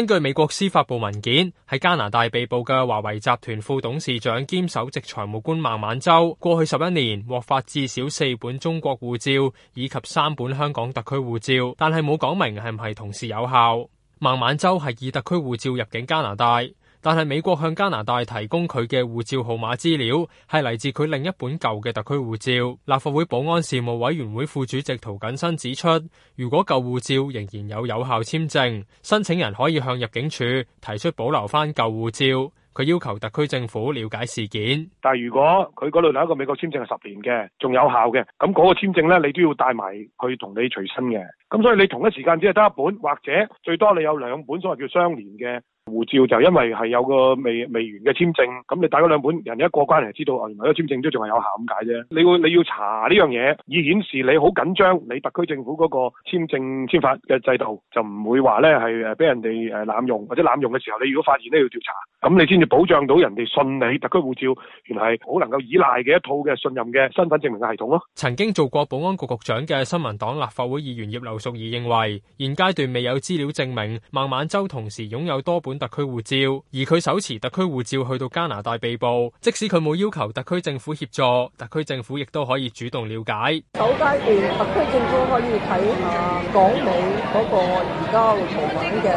根據美國司法部文件，喺加拿大被捕嘅華為集團副董事長兼首席財務官孟晚舟，過去十一年獲發至少四本中國護照以及三本香港特區護照，但係冇講明係唔係同時有效。孟晚舟係以特區護照入境加拿大。但係美國向加拿大提供佢嘅護照號碼資料，係嚟自佢另一本舊嘅特區護照。立法會保安事務委員會副主席涂謹申指出，如果舊護照仍然有有效簽證，申請人可以向入境處提出保留翻舊護照。佢要求特區政府了解事件。但係如果佢嗰度有一個美國簽證係十年嘅，仲有效嘅，咁嗰個簽證呢，你都要帶埋去同你隨身嘅。咁所以你同一時間只係得一本，或者最多你有兩本，所謂叫相連嘅。護照就因為係有個未未完嘅簽證，咁你帶咗兩本人一過關嚟，知道哦原來個簽證都仲係有效，咁解啫。你要你要查呢樣嘢，以顯示你好緊張，你特區政府嗰個簽證簽發嘅制度就唔會話咧係誒俾人哋誒濫用或者濫用嘅時候，你如果發現咧要調查。咁你先至保障到人哋信你特區護照，原嚟係好能夠依賴嘅一套嘅信任嘅身份證明嘅系統咯。曾經做過保安局局長嘅新民黨立法會議員葉劉淑儀認為現階段未有資料證明孟晚舟同時擁有多本特區護照，而佢手持特區護照去到加拿大被捕，即使佢冇要求特區政府協助，特區政府亦都可以主動了解。首階段，特區政府可以睇下港美嗰個而家嘅條文嘅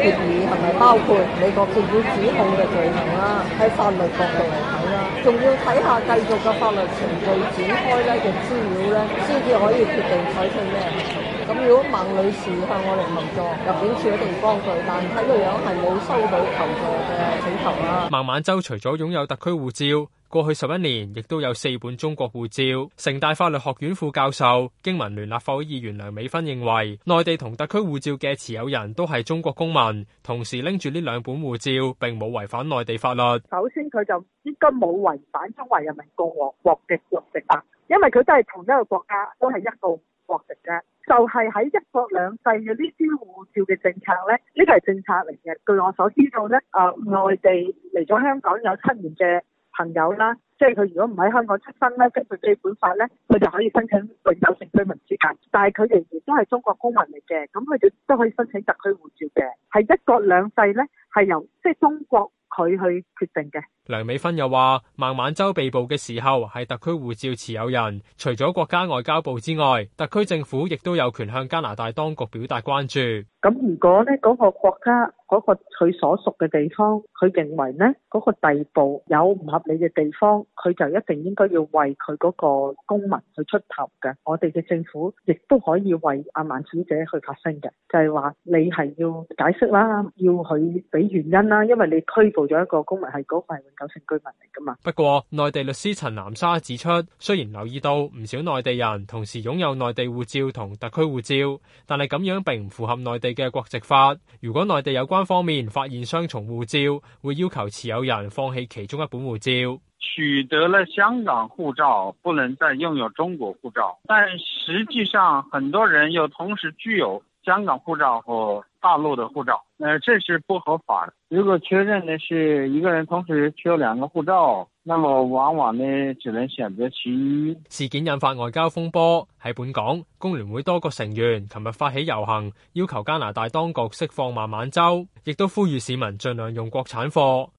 協議係咪包括美國政府指控？嘅罪行啦，喺法律角度嚟睇啦，仲要睇下繼續嘅法律程序展開咧嘅資料咧，先至可以決定採取咩嘅。咁如果孟女士向我哋問助，入境處一定幫助，但睇個樣係冇收到求助嘅請求啦。孟晚舟除咗擁有特區護照。過去十一年，亦都有四本中國護照。城大法律學院副教授、經民聯立法會議員梁美芬認為，內地同特區護照嘅持有人都係中國公民，同時拎住呢兩本護照，並冇違反內地法律。首先，佢就應該冇違反中華人民共和國嘅國籍法，因為佢都係同一個國家，都係一個國籍嘅。就係喺一國兩制嘅呢啲護照嘅政策咧，呢個係政策嚟嘅。據我所知道咧，誒，內地嚟咗香港有七年嘅。朋友啦，即係佢如果唔喺香港出生咧，根據基本法咧，佢就可以申請永久性居民資格。但係佢仍然都係中國公民嚟嘅，咁佢哋都可以申請特區護照嘅。係一國兩制咧，係由即係中國佢去決定嘅。梁美芬又話，孟晚舟被捕嘅時候係特區護照持有人，除咗國家外交部之外，特區政府亦都有權向加拿大當局表達關注。咁如果呢嗰個國家，嗰個佢所屬嘅地方，佢認為呢嗰個地步有唔合理嘅地方，佢就一定應該要為佢嗰個公民去出頭嘅。我哋嘅政府亦都可以為阿曼小姐去發聲嘅，就係話你係要解釋啦，要佢俾原因啦，因為你拘捕咗一個公民係嗰個係永久性居民嚟㗎嘛。不過，內地律師陳南沙指出，雖然留意到唔少內地人同時擁有內地護照同特區護照，但係咁樣並唔符合內地嘅國籍法。如果內地有關方面發現雙重護照，會要求持有人放棄其中一本護照。取得了香港護照，不能再擁有中國護照。但實際上，很多人又同時具有香港護照和大陸的護照，那這是不合法的。如果確認的是一個人同時持有兩個護照。那麼往往呢，只能選擇取事件引發外交風波。喺本港，工聯會多個成員琴日發起遊行，要求加拿大當局釋放孟晚舟，亦都呼籲市民盡量用國產貨。